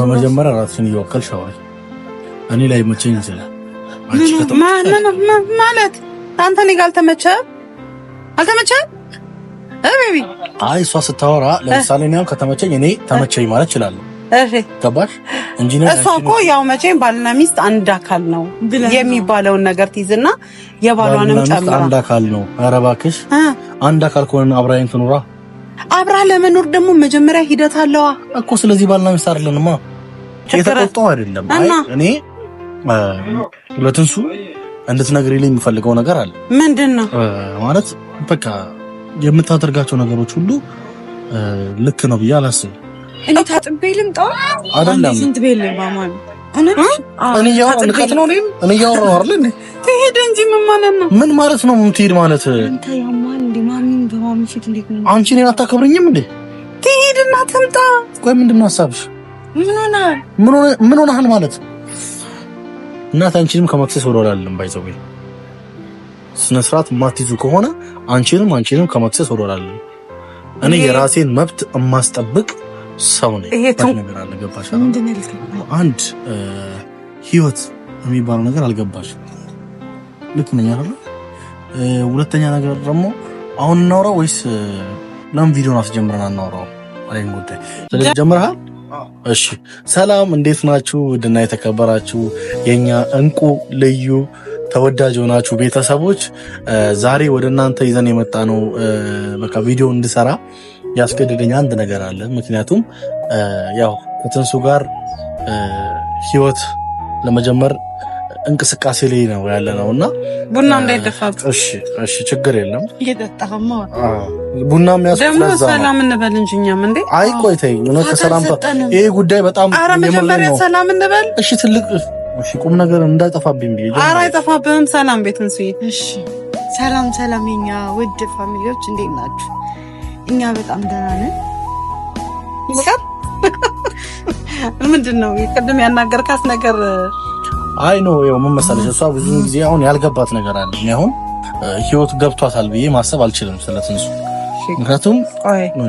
በመጀመሪያ ራስሽን እየወከልሽ አውሪ። እኔ ላይ ማለት አንተ እኔ ጋር አልተመቸህም አልተመቸህም። አይ እሷ ስታወራ ለምሳሌ እኔ ከተመቸኝ እኔ ተመቸኝ ማለት እችላለሁ። ገባሽ? እሷ እኮ ያው መቼም ባልና ሚስት አንድ አካል ነው የሚባለውን ነገር ትይዝና የባሏንም ጨምራ አንድ አካል ነው። ኧረ እባክሽ አንድ አካል ከሆነ አብራይን ትኑራ አብራ ለመኖር ደግሞ መጀመሪያ ሂደት አለዋ እኮ። ስለዚህ ባልና ሚስት አይደለንማ። የተቆጣው አይደለም። አይ እኔ ለትንሱ እንድትነግሪልኝ የሚፈልገው ነገር አለ። ምንድን ነው ማለት? በቃ የምታደርጋቸው ነገሮች ሁሉ ልክ ነው ብዬ አላስብም። እኔ ታጥቤ ልምጣ አይደለም እኔ ንቀት ነው። እኔ ነው አይደል? ትሄድ እንጂ ምን ማለት ነው? ምን ማለት ነው? የምትሄድ ማለት አንቺ እኔን አታከብርኝም እንዴ? ትሄድና ትምጣ። ቆይ ምንድን ነው ሀሳብሽ? ምን ማለት እናት አንቺንም ከመክሰስ ወደ ኋላ ባይዘው ስነ ስርዓት የማትይዙ ከሆነ አንቺንም አንቺንም ከመክሰስ ወደ ኋላ እኔ የራሴን መብት የማስጠብቅ ሰው አንድ ህይወት የሚባለው ነገር አልገባሽ። ልክ ነኝ አይደለ? ሁለተኛ ነገር ደግሞ አሁን እናውራው ወይስ ለምን ቪዲዮን አስጀምረን አናውራው? አለኝ ጉዳይ ስለዚህ ጀምረሃል። እሺ ሰላም፣ እንዴት ናችሁ? ውድና የተከበራችሁ የኛ እንቁ ልዩ ተወዳጅ የሆናችሁ ቤተሰቦች ዛሬ ወደ እናንተ ይዘን የመጣ ነው በቃ ቪዲዮ እንድሰራ ያስገደደኝ አንድ ነገር አለ። ምክንያቱም ያው ከትንሱ ጋር ህይወት ለመጀመር እንቅስቃሴ ላይ ነው ያለ ነው እና ቡና እንዳይደፋ። ችግር የለም። ቡና ሰላም እንበል እንጂ እኛም እንዴ። አይ ቆይ ተይኝ፣ እውነት ከሰላምታ ይሄ ጉዳይ በጣም የመጀመሪያ ሰላም እንበል። እሺ፣ ትልቅ እሺ፣ ቁም ነገር እንዳይጠፋብኝ ብዬ። ኧረ አይጠፋብህም። ሰላም ቤት እንስዬ። እሺ፣ ሰላም ሰላም፣ የኛ ውድ ፋሚሊዎች እንዴት ናችሁ? እኛ በጣም ደህና ነን። ይበቃል። ምንድን ነው ቅድም ያናገርካት ነገር? አይ ነው ያው ምን መሰለሽ፣ እሷ ብዙ ጊዜ አሁን ያልገባት ነገር አለ። እኔ አሁን ህይወት ገብቷታል ብዬ ማሰብ አልችልም ስለ ትንሱ። ምክንያቱም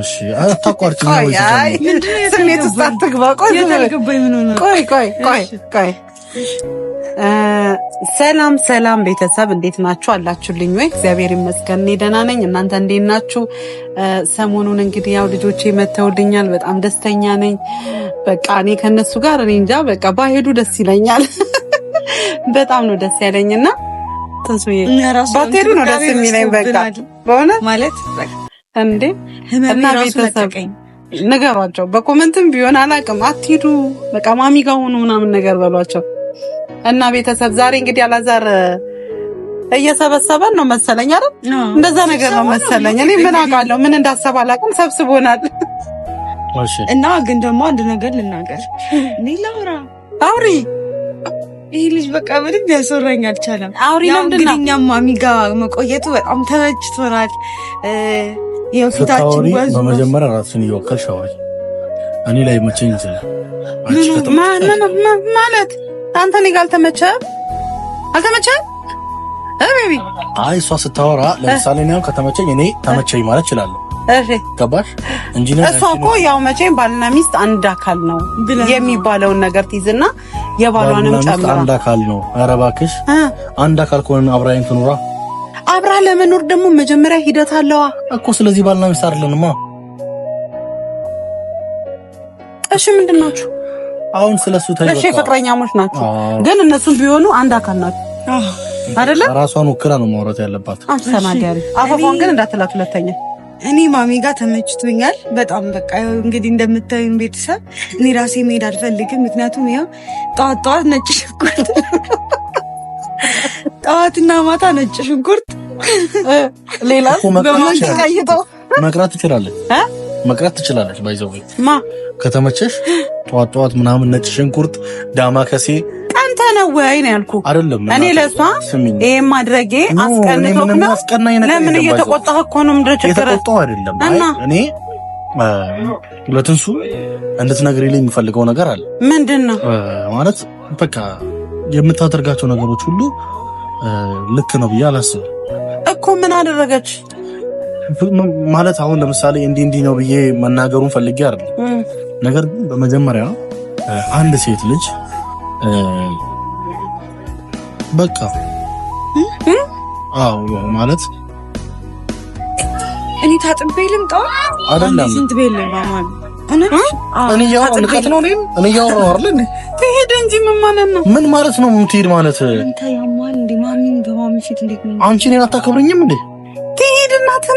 እሺ፣ አታቋርጪኝ ነው አይ ምንድነው? ስሜት ውስጥ አትግባ። ቆይ ቆይ ቆይ ቆይ ሰላም ሰላም ቤተሰብ እንዴት ናችሁ? አላችሁልኝ ወይ? እግዚአብሔር ይመስገን እኔ ደህና ነኝ። እናንተ እንዴት ናችሁ? ሰሞኑን እንግዲህ ያው ልጆቼ መተውልኛል። በጣም ደስተኛ ነኝ። በቃ እኔ ከነሱ ጋር እኔ እንጃ በቃ ባሄዱ ደስ ይለኛል። በጣም ነው ደስ ያለኝ ትንሱዬ ባትሄዱ ነው ደስ የሚለኝ። በቃ በሆነ ማለት እንዴ እና ቤተሰብ ነገሯቸው በኮመንትም ቢሆን አላቅም፣ አትሄዱ በቃ ማሚ ጋር ሆኑ ምናምን ነገር በሏቸው እና ቤተሰብ ዛሬ እንግዲህ አላዛር እየሰበሰበን ነው መሰለኝ አይደል? እንደዛ ነገር ነው መሰለኝ። እኔ ምን አውቃለሁ ምን እንዳሰብ አላውቅም። ሰብስቦናል እና ግን ደግሞ አንድ ነገር ልናገር። እኔ ላውራ አውሪ ይህ ልጅ በቃ ምንም ያስወራኝ አልቻለም። አውሪ ለምንድነው እኛም ማሚ ጋር መቆየቱ በጣም ተመችቶናል። የፊታችን ወዝ በመጀመሪያ ራስን እየወከልሽ አውሪ። እኔ ላይ መቸኝ ይችላል ማለት አንተ እኔ ጋር አልተመቸህም አልተመቸህም አቤቢ አይ እሷ ስታወራ ለምሳሌ ነው ከተመቸኝ እኔ ተመቸኝ ማለት እችላለሁ። እሺ ገባሽ? ኢንጂነር እሷ እኮ ያው መቼም ባልና ሚስት አንድ አካል ነው የሚባለውን ነገር ትይዝና የባሏንም ጨምራ አንድ አካል ነው። ኧረ እባክሽ አንድ አካል ከሆነ አብራይን ትኑራ። አብራ ለመኖር ደግሞ መጀመሪያ ሂደት አለዋ እኮ። ስለዚህ ባልና ሚስት አይደለንማ። እሺ ምንድን ናችሁ? አሁን ስለሱ ተይበቃ። እሺ ፍቅረኛሞች ናቸው፣ ግን እነሱም ቢሆኑ አንድ አካል ናቸው አይደለ? ራሷን ወክላ ነው ማውራት ያለባት። አሰማዲያሪ አፈፏን ግን እንዳትላት ሁለተኛ። እኔ ማሚ ጋር ተመችቶኛል በጣም በቃ እንግዲህ እንደምታዩኝ ቤተሰብ፣ እኔ ራሴ መሄድ አልፈልግም። ምክንያቱም ያው ጠዋት ጠዋት ነጭ ሽንኩርት ጠዋትና ማታ ነጭ ሽንኩርት ሌላ መቅራት ይችላለን መቅረት ትችላለች። ባይዘው ማ ከተመቸሽ ጠዋት ጠዋት ምናምን ነጭ ሽንኩርት ዳማ ከሴ ቀንተ ነው ወይ ነው ያልኩ አይደለም። እኔ ለሷ ይሄ ማድረጌ አስቀንቶክ ነው። ለምን እየተቆጣህ እኮ ነው? ምንድን ችግር? እየተቆጣሁ አይደለም። እኔ ለትንሱ እንድትነግሪልኝ የሚፈልገው ነገር አለ። ምንድን ነው ማለት? በቃ የምታደርጋቸው ነገሮች ሁሉ ልክ ነው ብዬ አላስብም እኮ ምን አደረገች? ማለት አሁን ለምሳሌ እንዲህ እንዲህ ነው ብዬ መናገሩን ፈልጌ አይደለም። ነገር ግን በመጀመሪያ አንድ ሴት ልጅ በቃ አዎ ማለት እኔ ታጥቤ ልምጣ አይደለም ስንት ቤል ለማማን እኔ ነው አይደል? ትሄድ እንጂ ምን ማለት ነው? ምን ማለት ነው የምትሄድ ማለት አንቺ እኔን አታከብረኝም እንዴ?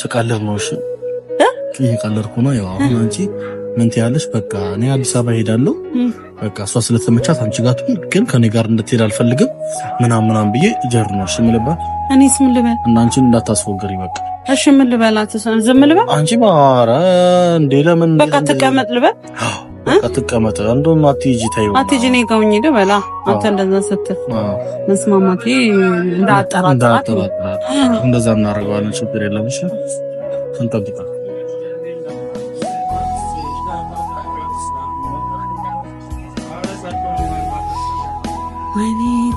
ስቀልር ነው። እሺ እየቀለድኩ ነው። ያው አሁን አንቺ ምን ትያለሽ? በቃ እኔ አዲስ አበባ ሄዳለሁ። በቃ እሷ ስለተመቻት አንቺ ጋር ትሁን፣ ግን ከኔ ጋር እንድትሄድ አልፈልግም ምናም ምናም ብዬ ጀር ነው። እሺ የምልባት እኔስ ምን ልበል? እና አንቺን እንዳታስወግሪ በቃ እሺ ምን ልበላት? ዝም ልበል? አንቺ ማረ እንዴ ለምን በቃ ትቀመጥ ልበል አትቀመጥ እንደውም አትሂጂ ተይው አትሂጂ እኔ ጋር ሁኚ በላ። አንተ እንደዛ ስትል መስማማቴ እንዳጠራጥራት እንደዛ እናደርገዋለን ችግር የለም እሺ እንጠብቃለን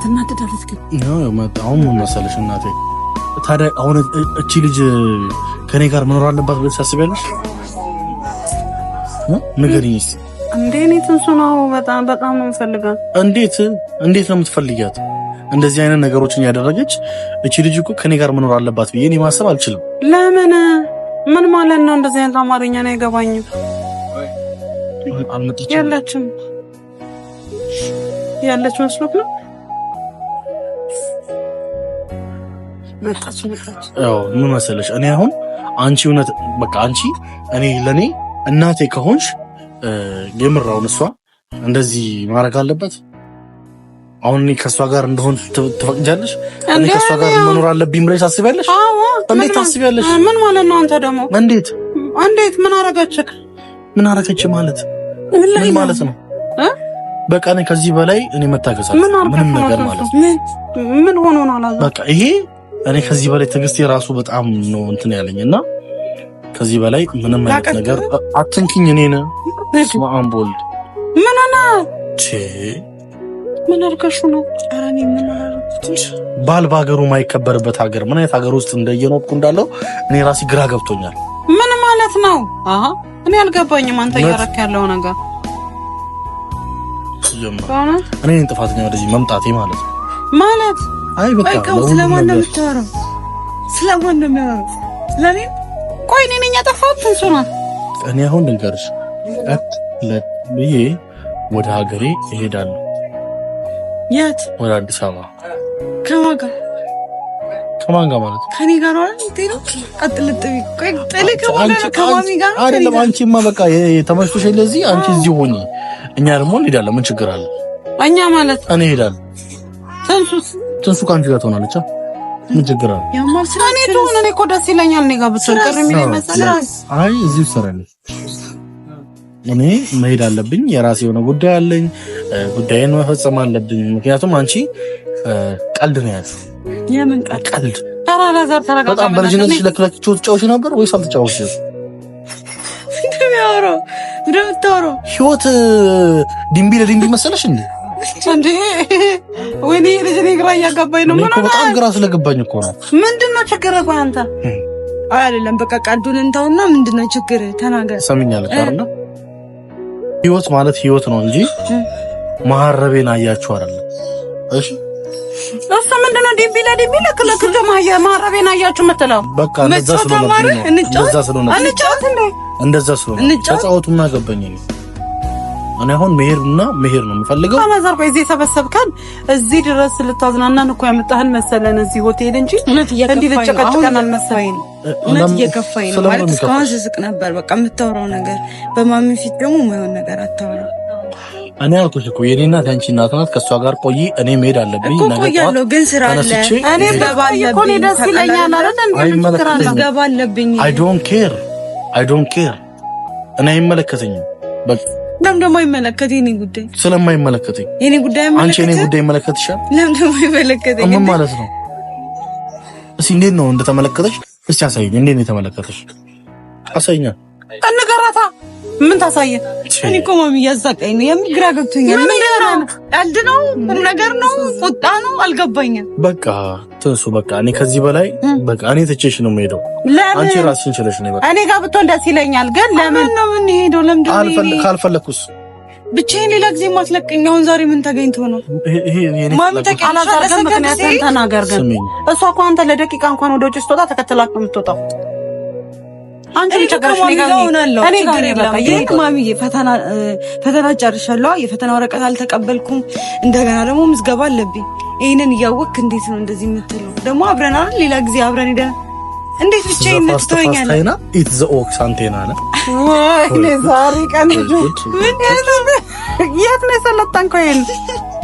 ትናደዳለች ግን መሰለሽ እናቴ ታዲያ አሁን እቺ ልጅ ከኔ ጋር መኖር አለባት ብለሽ ታስቢያለሽ ንገሪኝ እስኪ እንዴ እኔ ትንሱ ነው በጣም በጣም ነው የምፈልጋት። እንዴት እንዴት ነው የምትፈልጊያት? እንደዚህ አይነት ነገሮችን ያደረገች እቺ ልጅ እኮ ከኔ ጋር መኖር አለባት ብዬ እኔ ማሰብ አልችልም። ለምን ምን ማለት ነው? እንደዚህ አይነት አማርኛ ነው አይገባኝም። ያለችም ያለች መስሎክ ነው ምን መሰለሽ እኔ አሁን አንቺ እውነት በቃ አንቺ እኔ ለእኔ እናቴ ከሆንሽ የምራውን እሷ እንደዚህ ማድረግ አለበት። አሁን እኔ ከእሷ ጋር እንደሆን ትፈቅጃለሽ? እኔ ከእሷ ጋር መኖር አለብኝ ብለሽ ታስቢያለሽ? እንዴት ታስቢያለሽ? ምን ማለት ነው? አንተ ደግሞ እንዴት እንዴት? ምን አረጋችክ? ምን አረገች ማለት ምን ማለት ነው? በቃ እኔ ከዚህ በላይ እኔ መታገስ ምንም ነገር ማለት ምን ሆኖ ነው አላዘ በቃ ይሄ እኔ ከዚህ በላይ ትዕግስቴ ራሱ በጣም ነው እንትን ያለኝ እና ከዚህ በላይ ምንም አይነት ነገር አትንኪኝ እኔን በስመ አብ ወልድ ምን ሆነ? ምን አርከሹ ነው? ኧረ እኔ ምን አደረኩት? ባል በሀገሩ የማይከበርበት ሀገር ምን አይነት ሀገር ውስጥ እንደየኖርኩ እንዳለው እኔ ራሴ ግራ ገብቶኛል። ምን ማለት ነው? አሀ እኔ አልገባኝም። አንተ እያረክ ያለው ነገር እኔ ጥፋተኛ ወደዚህ መምጣቴ ማለት ነው ማለት አይ በቃ ስለማን ነው የምታወራው? ስለማን ነው የሚያወራው? ስለኔ? ቆይ እኔ ነኝ ያጠፋሁት። እኔ አሁን ልንገርሽ ቀጥ ለት ብዬ ወደ ሀገሬ እሄዳለሁ። የት? ወደ አዲስ አበባ። ከማን ጋር? ከማን ጋር ማለት ነው? ከኔ ጋር ነው። አይደለም አንቺማ በቃ ተመችቶሽ ለዚህ አንቺ እዚህ ሆኚ፣ እኛ ደግሞ እንሄዳለን። ምን ችግር አለ? እኛ ማለት እኔ እሄዳለሁ። ትንሱስ ትንሱ ከአንቺ ጋር ትሆናለች። ምን ችግር አለ? እኔ እኮ ደስ ይለኛል። እኔ ጋር ብትሆን ቅር የሚለኝ ይመስላል። አይ እዚሁ ትሰራለች እኔ መሄድ አለብኝ። የራሴ የሆነ ጉዳይ አለኝ። ጉዳይን መፈጸም አለብኝ። ምክንያቱም አንቺ ቀልድ ነው ያልሽው። የምን ቀልድ? በጣም በልጅነት ለክለክ ትጫወች ነበር ወይስ አልተጫወችም? ህይወት ድንቢ ለድንቢ መሰለሽ እንዴ? ወይኔ ልጅ እኔ ግራ በጣም ግራ ስለገባኝ እኮ ነው። ምንድን ነው ችግር? ቆይ አንተ አይደለም በቃ ቀልዱን እንተውና ምንድን ነው ችግር? ተናገር። ሰምኛለሁ አይደል? ህይወት ማለት ህይወት ነው እንጂ መሀረቤን አያችሁ አይደል? እሺ እሱ ምንድን ነው ዲቢ ለዲቢ ልክ ልክ መሀረቤን አያችሁ የምትለው በቃ እንደዛ ስለሆነ እንደዛ ስለሆነ እንደዛ ስለሆነ ተጫወቱና ገባኝ እኔ እኔ አሁን መሄድና መሄድ ነው የምፈልገው። አማዛር ቆይ፣ እዚህ የሰበሰብከን እዚህ ድረስ ልታዝናናን እኮ ያመጣህን መሰለን እዚህ ሆቴል እንጂ እንዲህ ልጨቀጭቀን አልመሰለኝ። እውነት እየከፋኝ ነው ማለት እስካሁን ስስቅ ነበር። በቃ የምታወራው ነገር በማሚ ፊት ደግሞ የማይሆን ነገር አታወራ እኔ አልኩሽ እኮ የኔ እናት ያንቺ እናት ናት። ከእሷ ጋር ቆይ፣ እኔ መሄድ አለብኝ። ቆያለሁ ግን ስራ አለ። እኔ በባለብኝ ደስ ይለኛል አለ ገባ አለብኝ። አይ ዶንት ኬር አይ ዶንት ኬር እኔ አይመለከተኝም በቃ ለምን ደግሞ አይመለከት? የኔ ጉዳይ ስለማይመለከተኝ የኔ ጉዳይ አንቺ የኔ ጉዳይ ይመለከትሻል። ለምን ደግሞ አይመለከተኝ? ምን ማለት ነው? እስኪ እንዴት ነው እንደተመለከተሽ? እስኪ አሳየኝ። እንዴት ነው የተመለከተሽ? አሳይኛ። እንገራታ ምን ታሳየ? እኔ እኮ ማሚ እያዛቀኝ ነው። የምን ግራ ገብቶኛል። ምን ነው ቀልድ ነው? ነገር ነው? ቁጣ ነው? አልገባኝም በቃ ትንሱ በቃ እኔ ከዚህ በላይ በቃ እኔ ትቼሽ ነው የምሄደው። አንቺ ራስሽን ችለሽ ነው በቃ እኔ ጋር ብትሆን ደስ ይለኛል። ግን ለምን ነው የምንሄደው? ለምን ካልፈለኩስ ብቻዬን ሌላ ጊዜ ማስለቀኝ። አሁን ዛሬ ምን ተገኝቶ ነው? ምክንያት ተናገር። ግን እሷ እኮ አንተ ለደቂቃ እንኳን ወደ ውጭ ስትወጣ ተከትላት ነው የምትወጣው ማሚዬ ፈተና ፈተና ጨርሻለሁ። የፈተና ወረቀት አልተቀበልኩም። እንደገና ደግሞ ምዝገባ አለብኝ። ይሄንን እያወቅክ እንዴት ነው እንደዚህ የምትለው? ደግሞ አብረን አይደል ሌላ ጊዜ አብረን ሄደን እንዴት ብቻዬን ትተወኛለህ? ዛሬ ቀን የት ነው የሰለጠንከው?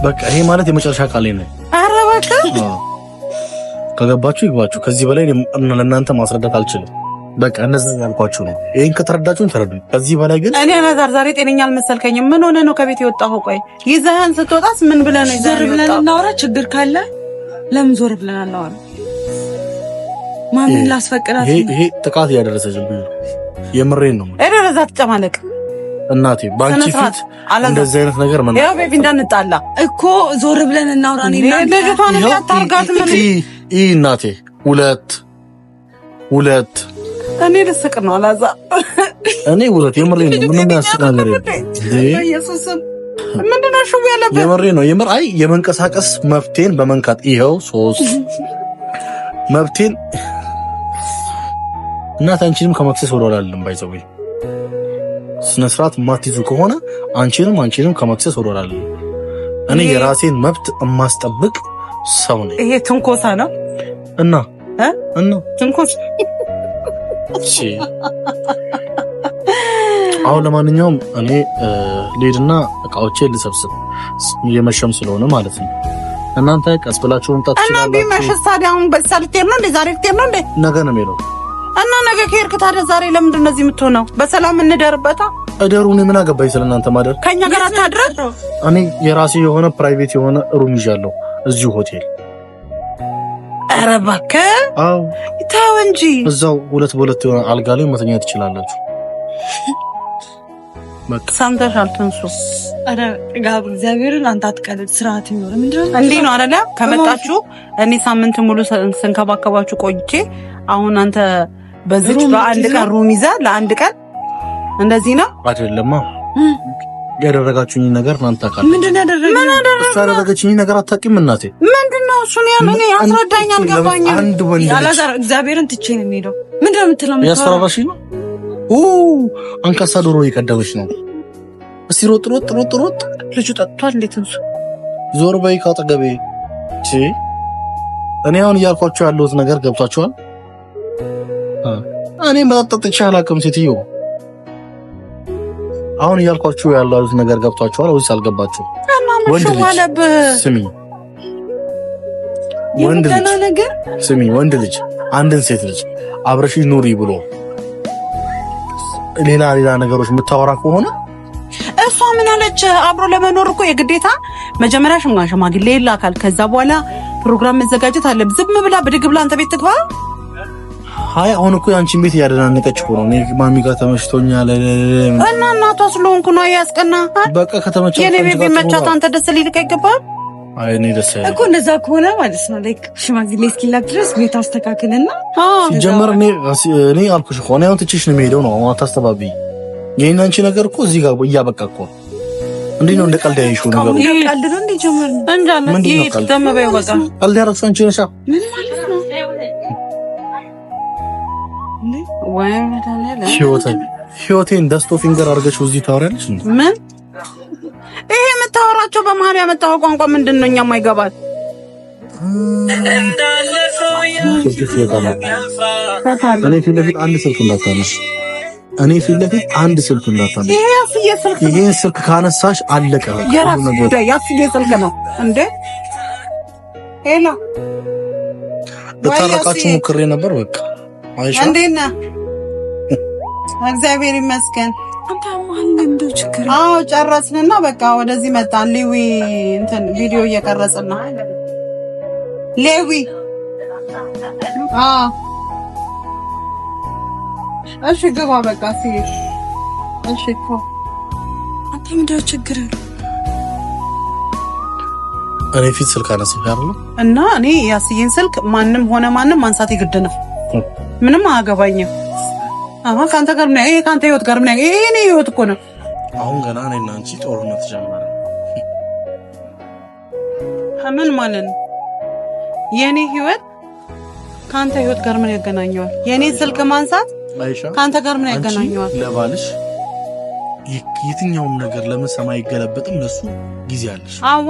በቃ ይሄ ማለት የመጨረሻ ቃሌ ነው። ኧረ ከገባችሁ ይግባችሁ። ከዚህ በላይ ለእናንተ ማስረዳት አልችልም። በቃ እነዛ ያልኳችሁ ነው። ይህን ከተረዳችሁን ተረዱ። ከዚህ በላይ ግን እኔ ነዛር ዛሬ ጤነኛ አልመሰልከኝም። ምን ሆነ ነው ከቤት የወጣኸው? ቆይ ይዘህን ስትወጣስ ምን ብለህ ነው? ዞር ብለን እናውራ። ችግር ካለ ለምን ዞር ብለን አናወራ? ማንን ላስፈቅዳት? ይሄ ጥቃት እያደረሰች የምሬን ነው። እኔ ነዛ ትጨማለቅ እናቴ ባንቺ ፊት እንደዚህ አይነት ነገር ምን ያው ቤቢ እንዳንጣላ እኮ ዞር ብለን እናውራ። ልጅቷን ያታርጋት ምን እናቴ ሁለት ሁለት እኔ ልስቅ ነው አላዛ እኔ ውረት የምሬ ነው። ምንም ያስቅ ነገር የለም። ምንድን ነው ሹም ያለበት የምሬ ነው። የምር አይ የመንቀሳቀስ መብቴን በመንካት ይኸው ሶስት መብቴን እናት አንቺንም ከመክሰስ ወደ ኋላለም ባይዘው ስነ ስርዓት የማትይዙ ከሆነ አንቺንም አንቺንም ከመክሰስ ወደ ኋላለም። እኔ የራሴን መብት የማስጠብቅ ሰው ነኝ። ይሄ ትንኮሳ ነው እና እና ትንኮሳ አሁን ለማንኛውም እኔ ልሄድና እቃዎቼ ልሰብስብ፣ የመሸም ስለሆነ ማለት ነው። እናንተ ቀስ ብላችሁ መምጣት ትችላላችሁ። እና ቢመሽ ታዲያ አሁን በዛ ልትሄድ ነው እንዴ? ዛሬ ልትሄድ ነው እንዴ? ነገ ነው የሚሄደው። እና ነገ ከሄድክ ታዲያ ዛሬ ለምንድን ነው እዚህ የምትሆነው? በሰላም እንደርበታ። እደሩ። እኔ ምን አገባኝ ስለ እናንተ ማደር። ከእኛ ጋር አታድረ። እኔ የራሴ የሆነ ፕራይቬት የሆነ ሩም ይዣለሁ እዚሁ ሆቴል ኧረ እባክህ ተው እንጂ እዛው ሁለት በሁለት የሆነ አልጋ ላይ መተኛት ትችላላችሁ። ሰምተሻል? ትንሱ ጋብ እግዚአብሔርን አንተ አትቀልድ፣ ስርዓት ይኖር እንዲህ ነው አለ። ከመጣችሁ እኔ ሳምንት ሙሉ ስንከባከባችሁ ቆይቼ አሁን አንተ በዚች በአንድ ቀን ሩም ይዘህ ለአንድ ቀን እንደዚህ ነው አይደለማ ያደረጋችሁኝ ነገር እናንተ ታውቃላችሁ። ምንድን ያደረገ እሷ ያደረገችኝ ነገር አታውቂም እናቴ። ምንድን ነው እሱን ያ ምን እኔ አስረዳኝ፣ አልገባኝም። አንድ ወንድ አላዛር እግዚአብሔርን ትቼ ነው የሚሄደው። ምንድን ነው የምትለው? ያስፈራራሽ ነው። ኦ አንካሳ ዶሮ እየቀደመች ነው። እስቲ ሮጥ ሮጥ ሮጥ ሮጥ። ልጁ ጠጥቷል። እንዴት እንሱ ዞር በይ ካጠገቤ። እሺ እኔ አሁን እያልኳቸው ያለሁት ነገር ገብቷችኋል? እኔም በጣም ጠጥቼ አላውቅም ሴትዮ አሁን እያልኳችሁ ያላሉት ነገር ገብቷችኋል ወይስ አልገባችሁ? ወንድ ልጅ ስሚ፣ ወንድ ልጅ ስሚ፣ ወንድ ልጅ አንድን ሴት ልጅ አብረሽ ኑሪ ብሎ ሌላ ሌላ ነገሮች የምታወራ ከሆነ እሷ ምን አለች? አብሮ ለመኖር እኮ የግዴታ መጀመሪያ ሽማግሌ ይላካል። ከዛ በኋላ ፕሮግራም መዘጋጀት አለ። ዝም ብላ ብድግ ብላ አንተ ቤት ትግባ አይ አሁን እኮ ያንቺን ቤት እያደናነቀች እኮ ነው። እኔ ማሚ ጋር ተመችቶኛል እና እናቷ ስለሆንኩ ነው ያስቀና። በቃ ከተመቸኝ የኔ ቤት ቢመቻት አንተ ደስ ሊልህ ይገባል። አይ እኔ ደስ እኮ እንደዛ ከሆነ ማለት ነው ላይክ ሽማግሌ እስኪላክ ድረስ ቤት አስተካክልና ሲጀመር እኔ እኔ አልኩሽ ከሆነ እኔ ትችሽ ነው የምሄደው ነው። አታስተባብይ። የኔና አንቺ ነገር እኮ እዚህ ጋር እያበቃ እኮ እንዴ ነው እንደ ቀልድ ያይሽው ነገር ነው። ቀልድ ነው እንዴ ጀመር እንጃ ነው ይሄ ተመበየው በቃ ቀልድ ያረክሽ አንቺ ነሻ ህይወቴን ህይወቴን ደስቶ ፊንገር አድርገሽ እዚህ ታወሪያለሽ። ምን ይሄ የምታወራቸው በመሀል ያመጣው ቋንቋ ምንድን ነው? እኛም አይገባል። እኔ ፊት ለፊት አንድ ስልክ እንዳታነሽ፣ እኔ ፊት ለፊት አንድ ስልክ እንዳታነሽ። ይሄን ስልክ ካነሳሽ አለቀ። ስልክ ነው እንዴ? ሄሎ፣ ልታረቃችሁ ሞክሬ ነበር። በቃ አይሻ እግዚአብሔር ይመስገን። እንደው ችግር አዎ ጨረስንና በቃ ወደዚህ መጣ። ሌዊ እንትን ቪዲዮ እየቀረጽና ሌዊ አዎ፣ እሺ ግባ በቃ ሲሄድ እሺ እኮ አንተ ምንድነው ችግር ነው? እኔ ፊት ስልክ አነሳ አይደል? እና እኔ ያስዬን ስልክ ማንም ሆነ ማንም ማንሳት የግድ ነው። ምንም አያገባኝም። አሁን ካንተ ጋር ምን ይሄ ካንተ ህይወት ጋር ምን ይሄ እኔ ህይወት እኮ ነው። አሁን ገና እኔ እና አንቺ ጦርነት ጀመረ። ምን ማለት ነው? የኔ ህይወት ካንተ ህይወት ጋር ምን ያገናኘዋል? የኔ ስልክ ማንሳት ካንተ ጋር ምን ያገናኘዋል? ለባልሽ የትኛውም ነገር ለምን ሰማይ ይገለበጥም ለሱ ጊዜ አለሽ። አዋ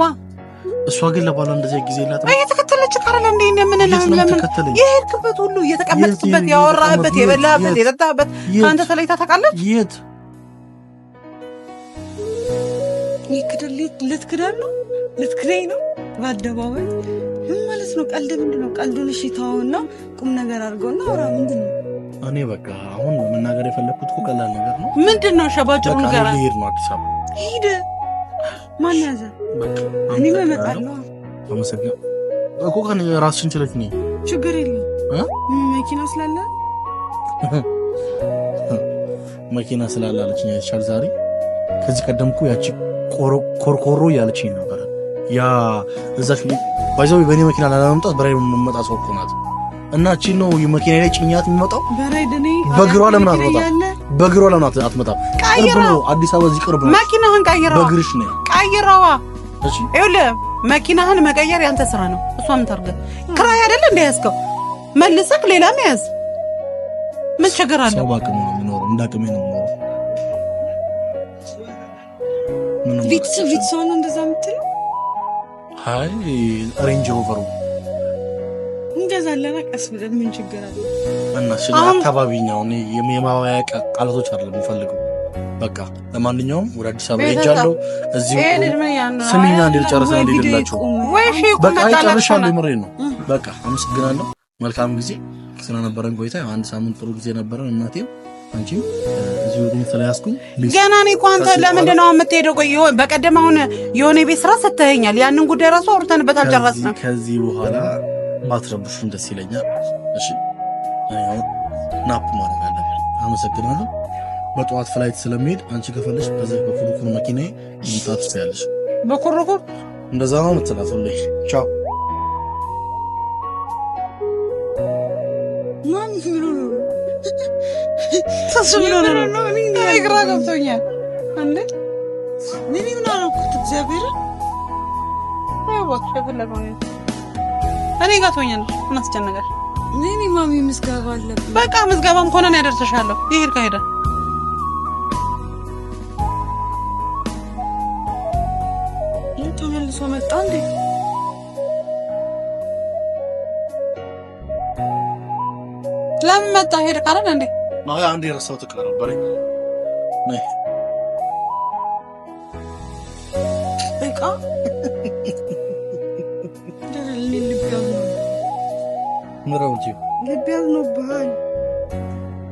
እሷ ግን ለባሏ እንደዚህ ጊዜ የላትም። እየተከተለች ካረለ እንዴ እንደምንልህ ለምን የሄድክበት ሁሉ እየተቀመጥበት ያወራህበት የበላህበት የጠጣህበት ከአንተ ተለይታ ታውቃለች። የት ልትክደል ነው? ልትክደኝ ነው? በአደባባይ ምን ማለት ነው? ቀልድ ምንድን ነው? ቀልዱን እሺ ተወውና ቁም ነገር አድርገውና አውራ። ምንድን ነው? እኔ በቃ አሁን መናገር የፈለግኩት እኮ ቀላል ነገር ነው። ምንድን ነው? ሸባጭሩ ነገር ነው። አዲስ አበባ ሂድ ማን እኔ እመጣለሁ ራስሽን ችለሽ ችግር የለም መኪና ስላለ መኪና ስላለ አለችኝ። አይተሻል? ዛሬ ከዚህ ቀደም እኮ ያቺ ኮርኮሮ እያለችኝ ነበረ። ያ እዛች ባይዘው በእኔ መኪና ላለመምጣት በራይ መመጣ ሰው እኮ ናት። ነው መኪና ላይ ጭኛት የሚመጣው በግሯ ለምን አትመጣም? በግሮ ለምን አትመጣም? ቅርብ ነው፣ አዲስ አበባ እዚህ ቅርብ ነው። መኪናህን ቀይረዋ፣ በግርሽ ነው ቀይረዋ። እሺ ይኸውልህ፣ መኪናህን መቀየር ያንተ ስራ ነው። እሷም ምን ታርገ? ክራይ አይደለ እንደ ያዝከው መልሰህ ሌላ መያዝ ምን ችግር አለ? ሰው አቅም ነው የሚኖረው፣ እንዳቅሜ ነው የሚኖረው። ቪትስ ቪትስ ነው እንደዛ የምትለው አይ ሬንጅ ሮቨሩ እንገዛለና ቀስ ብለን ምን ችግር አለ? አካባቢ የማወያ ቃላቶች አለ የምፈልገው። በቃ ለማንኛውም ወደ አዲስ አበባ ሄጃለሁ። እዚህ ስሚኛ እንዴት ጨርሰ እንዴትላቸው በቃ ጨርሻለሁ። ምሬ ነው። በቃ አመሰግናለሁ። መልካም ጊዜ ስለነበረን ቆይታ። አንድ ሳምንት ጥሩ ጊዜ ነበረን። እናቴም አንቺም እዚሁ ስለያዝኩኝ ገና እኔ እኮ አንተ ለምንድን ነው የምትሄደው? ቆይ በቀደም አሁን የሆነ ቤት ስራ ሰተኸኛል። ያንን ጉዳይ ራሱ አውርተንበት አልጨረስንም። ከዚህ በኋላ ባትረብሹን ደስ ይለኛል። እሺ አሁን ናፕ ማድረግ አለብን። አመሰግናለሁ። በጠዋት ፍላይት ስለሚሄድ አንቺ ከፈለሽ በዚህ በኩርኩር መኪና መምጣት ትችያለሽ። በኩርኩር እንደዛ ነው ምትላት። ሁሌ ቻው ግራ ገብቶኛል። ምን ምን አረኩት እግዚአብሔርን እኔ ጋር ትሆኛለሽ። ምን አስጨነቀሽ? እኔ ማሚ ምዝገባ አለብኝ። በቃ ምዝገባም ከሆነ ነው ያደርሰሻለሁ። ይሄድ ከሄደ ተመልሶ መጣ እንዴ? ለምን መጣ? ሄድ እንዴ? አንዴ ነበረኝ። ነይ በቃ ምረውጂ ልቤ አዝኖብሃል።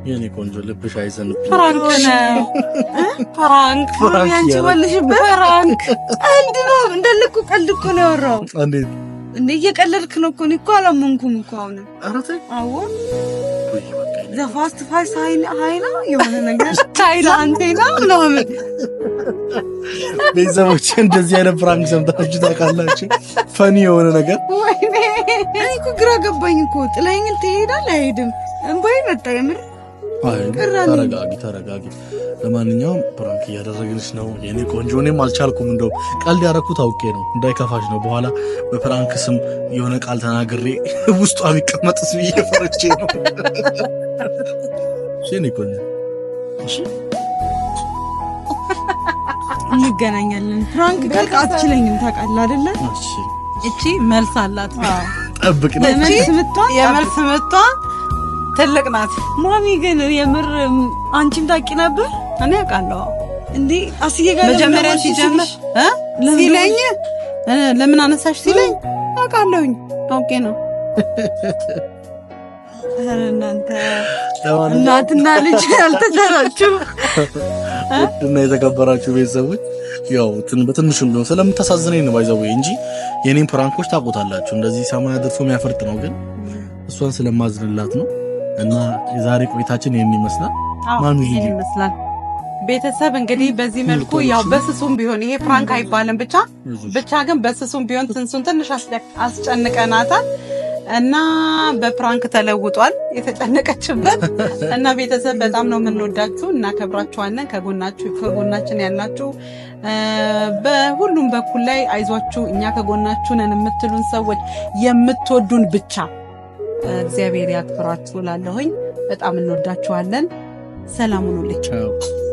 የኔ ቆንጆ ልብሽ አይዘን። ፍራንክ ነው ፍራንክ ያንቺ መልሽበት ፍራንክ። አንድ ነው እንደልኩ ልኩ ቀልድ እኮ ነው ያወራው። እንዴት እንደ እየቀለድክ ነው እኮ። እኔ እኮ አላመንኩም እኮ አሁን። ኧረ ተይ አሁን ዘፋስት ፋስ ሀይና ሀይና የሆነ ነገር ቻይና አንቴና ምናምን። ቤተሰቦች እንደዚህ አይነት ፍራንክ ሰምታችሁ ታውቃላችሁ? ፈኒ የሆነ ነገር ወይኔ እኔ እኮ ግራ ገባኝ እኮ ጥላኝ ትሄዳለህ አይሄድም። እንባይ መጣ። የምር ተረጋጊ፣ ተረጋጊ። ለማንኛውም ፕራንክ እያደረግንሽ ነው የኔ ቆንጆ። እኔም አልቻልኩም። እንደው ቀልድ ያደረኩት አውቄ ነው እንዳይከፋሽ ነው። በኋላ በፕራንክ ስም የሆነ ቃል ተናግሬ ውስጧ ቢቀመጥስ ብዬ ፈርቼ ነው። እኔ ቆንጆ እንገናኛለን። ፕራንክ ቃል አትችለኝም ታውቃለህ አይደለ? እቺ መልስ አላት። ጠብቅ ነው የመልስ ምቷ ትልቅ ናት። ማሚ ግን የምር አንቺም ታውቂ ነበር? እኔ አውቃለሁ እንዴ አስዬ ጋር መጀመሪያ ሲጀምር ሲለኝ ለምን አነሳሽ ሲለኝ አውቃለሁኝ አውቄ ነው። እናንተ እናትና ልጅ ያልተደራችሁ እና የተከበራችሁ ቤተሰቦች ያው በትንሹም ቢሆን ስለምታሳዝነኝ ነው ባይዘው እንጂ የኔም ፕራንኮች ታውቁታላችሁ። እንደዚህ ሰማይ አድርሶ የሚያፈርጥ ነው፣ ግን እሷን ስለማዝንላት ነው። እና የዛሬ ቆይታችን ይህን ይመስላል። ማኑ ይመስላል ቤተሰብ እንግዲህ በዚህ መልኩ ያው በስሱም ቢሆን ይሄ ፕራንክ አይባልም፣ ብቻ ብቻ ግን በስሱም ቢሆን ትንሱን ትንሽ አስጨንቀናታል እና በፕራንክ ተለውጧል የተጨነቀችበት። እና ቤተሰብ በጣም ነው የምንወዳችሁ፣ እናከብራችኋለን። ከጎናችሁ ከጎናችን ያላችሁ በሁሉም በኩል ላይ አይዟችሁ፣ እኛ ከጎናችሁ ነን የምትሉን ሰዎች፣ የምትወዱን ብቻ እግዚአብሔር ያክብራችሁ ላለሁኝ በጣም እንወዳችኋለን። ሰላም ሁኑልኝ።